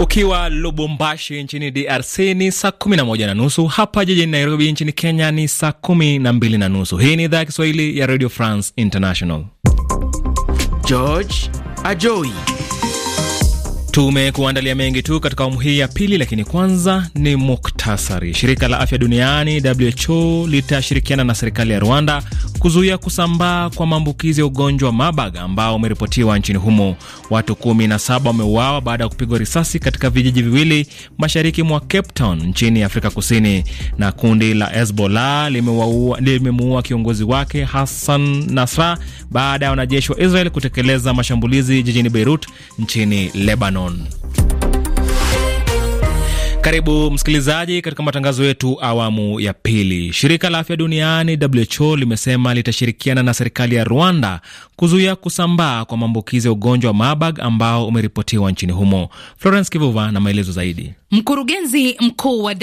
Ukiwa Lubumbashi nchini DRC ni saa kumi na moja na nusu. Hapa jijini Nairobi nchini Kenya ni saa kumi na mbili na nusu. Hii ni idhaa ya Kiswahili ya Radio France International. George Ajoi Tumekuandalia mengi tu katika awamu hii ya pili, lakini kwanza ni muktasari. Shirika la afya duniani WHO litashirikiana na serikali ya Rwanda kuzuia kusambaa kwa maambukizi ya ugonjwa wa Marburg ambao umeripotiwa nchini humo. Watu 17 wameuawa baada ya kupigwa risasi katika vijiji viwili mashariki mwa Cape Town nchini Afrika Kusini. Na kundi la Hezbollah limemuua kiongozi wake Hassan Nasra baada ya wanajeshi wa Israel kutekeleza mashambulizi jijini Beirut nchini Lebanon. no Karibu msikilizaji katika matangazo yetu awamu ya pili. Shirika la afya duniani WHO limesema litashirikiana na serikali ya Rwanda kuzuia kusambaa kwa maambukizi ya ugonjwa wa Marburg ambao umeripotiwa nchini humo. Florence Kivuva na maelezo zaidi. Mkurugenzi mkuu wa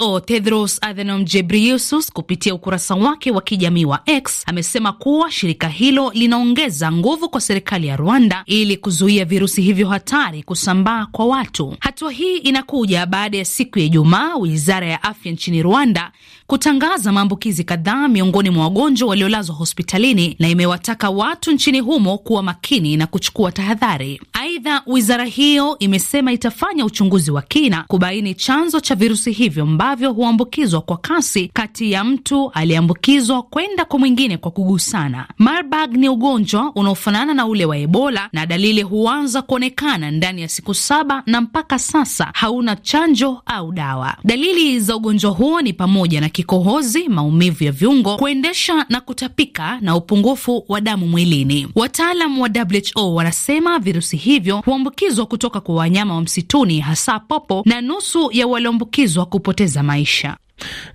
WHO Tedros Adhanom Ghebreyesus kupitia ukurasa wake wa kijamii wa X amesema kuwa shirika hilo linaongeza nguvu kwa serikali ya Rwanda ili kuzuia virusi hivyo hatari kusambaa kwa watu. Hatua hii inakuja baada ya siku ya Ijumaa, wizara ya afya nchini Rwanda kutangaza maambukizi kadhaa miongoni mwa wagonjwa waliolazwa hospitalini na imewataka watu nchini humo kuwa makini na kuchukua tahadhari. Aidha, wizara hiyo imesema itafanya uchunguzi wa kina kubaini chanzo cha virusi hivyo ambavyo huambukizwa kwa kasi kati ya mtu aliyeambukizwa kwenda kwa mwingine kwa kugusana. Marburg ni ugonjwa unaofanana na ule wa Ebola na dalili huanza kuonekana ndani ya siku saba na mpaka sasa hauna chanjo au dawa. Dalili za ugonjwa huo ni pamoja na kikohozi, maumivu ya viungo, kuendesha na kutapika na upungufu wa damu mwilini. Wataalam wa WHO wanasema virusi hivyo huambukizwa kutoka kwa wanyama wa msituni, hasa popo, na nusu ya walioambukizwa kupoteza maisha.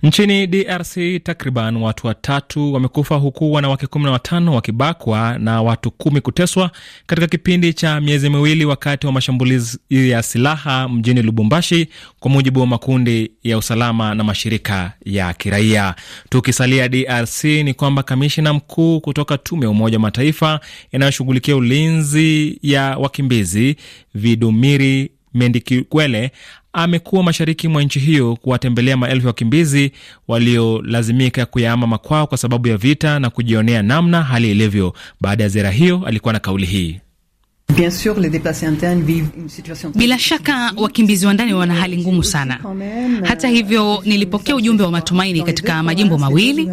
Nchini DRC takriban watu watatu wamekufa huku wanawake kumi na watano wakibakwa na watu kumi kuteswa katika kipindi cha miezi miwili wakati wa mashambulizi ya silaha mjini Lubumbashi, kwa mujibu wa makundi ya usalama na mashirika ya kiraia. Tukisalia DRC ni kwamba kamishina mkuu kutoka tume ya Umoja wa Mataifa inayoshughulikia ulinzi ya wakimbizi Vidumiri Mendikiwele amekuwa mashariki mwa nchi hiyo kuwatembelea maelfu ya wakimbizi waliolazimika kuyaama makwao kwa sababu ya vita na kujionea namna hali ilivyo. Baada ya ziara hiyo, alikuwa na kauli hii. Bila shaka wakimbizi wa ndani wana hali ngumu sana. Hata hivyo, euh, nilipokea ujumbe wa matumaini katika majimbo mawili.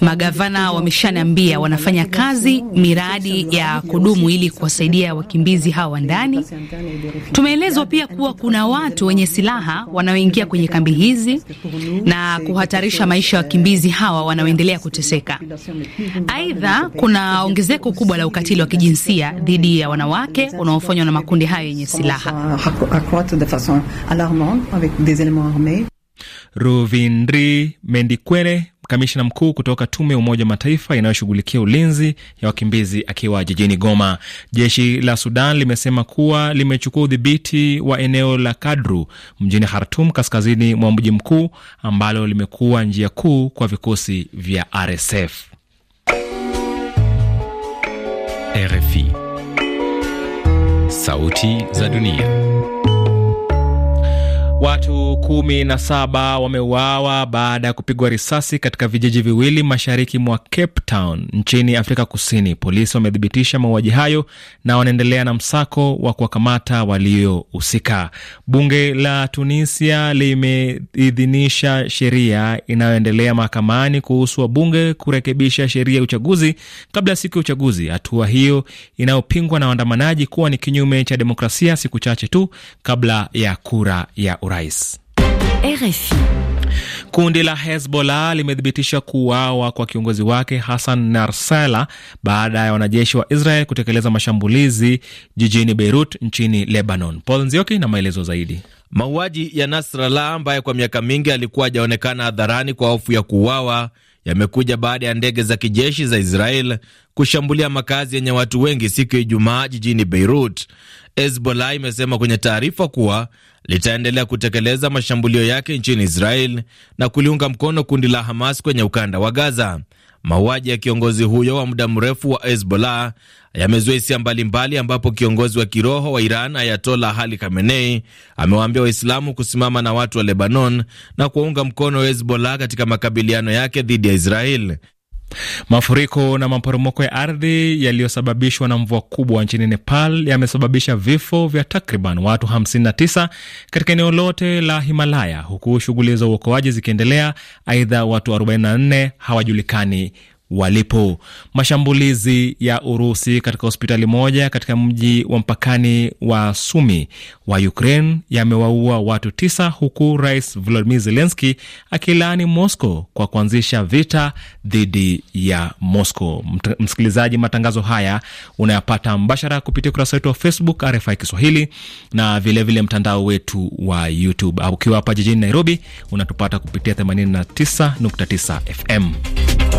Magavana wameshaniambia wanafanya kazi miradi ya kudumu ili kuwasaidia wakimbizi hawa wa ndani. Tumeelezwa pia kuwa kuna watu wenye silaha wanaoingia kwenye kambi hizi na kuhatarisha euh, maisha ya wakimbizi hawa wanaoendelea kuteseka. Aidha, kuna ongezeko kubwa la ukatili wa kijinsia dhidi ya wanawake wake unaofanywa na makundi hayo yenye silaha. Ruvindri Mendikwere, kamishina mkuu kutoka tume ya Umoja wa Mataifa inayoshughulikia ulinzi ya wakimbizi akiwa jijini Goma. Jeshi la Sudan limesema kuwa limechukua udhibiti wa eneo la Kadru mjini Khartum, kaskazini mwa mji mkuu, ambalo limekuwa njia kuu kwa vikosi vya RSF. RFI Sauti za Dunia. Watu kumi na saba wameuawa baada ya kupigwa risasi katika vijiji viwili mashariki mwa Cape Town nchini Afrika Kusini. Polisi wamethibitisha mauaji hayo na wanaendelea na msako wa kuwakamata waliohusika. Bunge la Tunisia limeidhinisha sheria inayoendelea mahakamani kuhusu wabunge kurekebisha sheria ya uchaguzi kabla ya siku ya uchaguzi, hatua hiyo inayopingwa na waandamanaji kuwa ni kinyume cha demokrasia, siku chache tu kabla ya kura ya ura urais. RFI. Kundi la Hezbollah limethibitisha kuuawa kwa kiongozi wake Hassan Narsala baada ya wanajeshi wa Israel kutekeleza mashambulizi jijini Beirut nchini Lebanon. Paul Nzioki na maelezo zaidi. Mauaji ya Nasrallah ambaye kwa miaka mingi alikuwa hajaonekana hadharani kwa hofu ya kuuawa yamekuja baada ya ndege za kijeshi za Israel kushambulia makazi yenye watu wengi siku ya Ijumaa jijini Beirut. Hezbollah imesema kwenye taarifa kuwa litaendelea kutekeleza mashambulio yake nchini Israel na kuliunga mkono kundi la Hamas kwenye ukanda wa Gaza. Mauaji ya kiongozi huyo wa muda mrefu wa Hezbollah yamezua hisia mbalimbali, ambapo kiongozi wa kiroho wa Iran Ayatola Hali Khamenei amewaambia Waislamu kusimama na watu wa Lebanon na kuwaunga mkono Hezbollah katika makabiliano yake dhidi ya Israel. Mafuriko na maporomoko ya ardhi yaliyosababishwa na mvua kubwa nchini Nepal yamesababisha vifo vya takriban watu 59 katika eneo lote la Himalaya, huku shughuli za uokoaji zikiendelea. Aidha, watu 44 hawajulikani walipo. Mashambulizi ya Urusi katika hospitali moja katika mji wa mpakani wa Sumi wa Ukraine yamewaua watu tisa, huku Rais Volodymyr Zelensky akilaani Moscow kwa kuanzisha vita dhidi ya Moscow. Msikilizaji, matangazo haya unayapata mbashara kupitia ukurasa wetu wa Facebook RFI Kiswahili na vilevile vile mtandao wetu wa YouTube. Ukiwa hapa jijini Nairobi unatupata kupitia 89.9 FM.